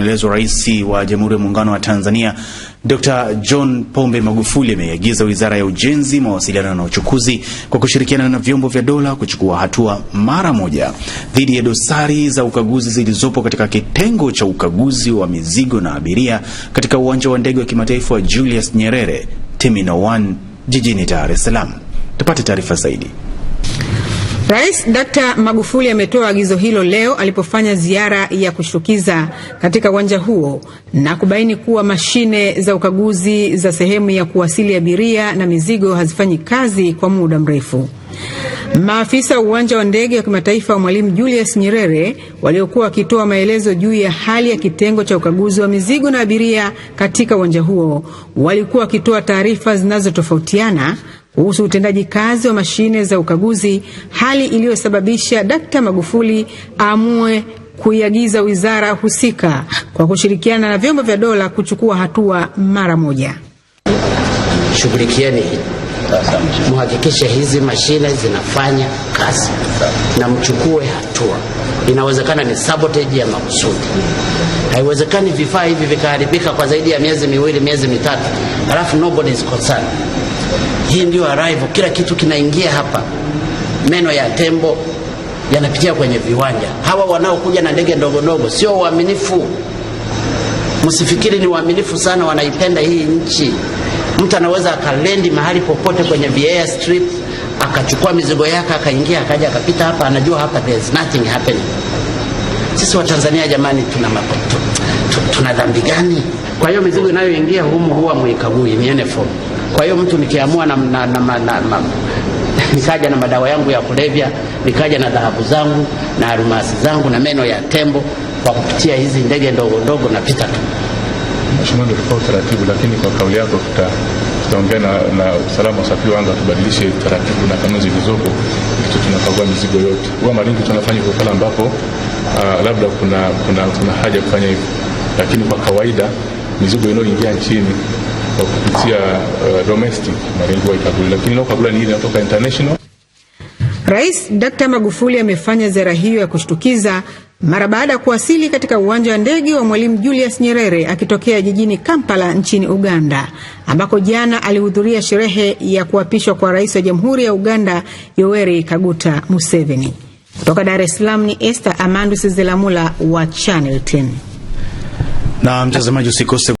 Maelezo Rais wa Jamhuri ya Muungano wa Tanzania Dr. John Pombe Magufuli ameiagiza Wizara ya Ujenzi, Mawasiliano na Uchukuzi kwa kushirikiana na vyombo vya dola kuchukua hatua mara moja dhidi ya dosari za ukaguzi zilizopo katika kitengo cha ukaguzi wa mizigo na abiria katika uwanja wa ndege wa kimataifa wa Julius Nyerere Terminal 1 jijini Dar es Salaam. Tupate taarifa zaidi. Rais Dkt. Magufuli ametoa agizo hilo leo alipofanya ziara ya kushtukiza katika uwanja huo na kubaini kuwa mashine za ukaguzi za sehemu ya kuwasili abiria na mizigo hazifanyi kazi kwa muda mrefu. Maafisa wa uwanja wa ndege wa kimataifa wa Mwalimu Julius Nyerere waliokuwa wakitoa maelezo juu ya hali ya kitengo cha ukaguzi wa mizigo na abiria katika uwanja huo walikuwa wakitoa taarifa zinazotofautiana kuhusu utendaji kazi wa mashine za ukaguzi, hali iliyosababisha Dkt. Magufuli aamue kuiagiza wizara husika kwa kushirikiana na vyombo vya dola kuchukua hatua mara moja. Shughulikieni muhakikishe hizi mashine zinafanya kazi na mchukue hatua. Inawezekana ni sabotage ya makusudi. Haiwezekani vifaa hivi vikaharibika kwa zaidi ya miezi miwili, miezi mitatu, alafu nobody is concerned. Hii ndio arrival, kila kitu kinaingia hapa. Meno ya tembo yanapitia kwenye viwanja. Hawa wanaokuja na ndege ndogo ndogo sio waaminifu, msifikiri ni waaminifu sana, wanaipenda hii nchi. Mtu anaweza akalendi mahali popote kwenye Bear Strip akachukua mizigo yake akaingia akaja akapita hapa, anajua hapa there is nothing happening. Sisi Watanzania jamani, tuna mapato tuna dhambi gani? Kwa hiyo mizigo inayoingia humu huwa mwikagui ni uniform. Kwa hiyo mtu nikiamua na, na, na, na, na, nikaja na madawa yangu ya kulevya nikaja na dhahabu zangu na almasi zangu na meno ya tembo, kwa kupitia hizi ndege ndogo ndogo napita tu mheshimiwa ndio ulikuwa utaratibu, lakini kwa kauli yako tutaongea na, na usalama usafiri wanza tubadilishe taratibu na kanuni zilizopo, kitu tunakagua mizigo yote. Huwa mara nyingi tunafanya hivyo pale ambapo uh, labda kuna, kuna, kuna haja kufanya hivyo, lakini kwa kawaida mizigo inayoingia nchini kwa kupitia uh, domestic mara nyingi haikaguliwi, lakini inayokaguliwa ni ile inatoka international. Rais Dr. Magufuli amefanya ziara hiyo ya kushtukiza mara baada ya kuwasili katika uwanja wa ndege wa Mwalimu Julius Nyerere akitokea jijini Kampala nchini Uganda, ambako jana alihudhuria sherehe ya kuapishwa kwa rais wa Jamhuri ya Uganda Yoweri Kaguta Museveni. Kutoka Dar es Salaam ni Esther Amandus Zelamula wa Channel 10. Na mtazamaji usikose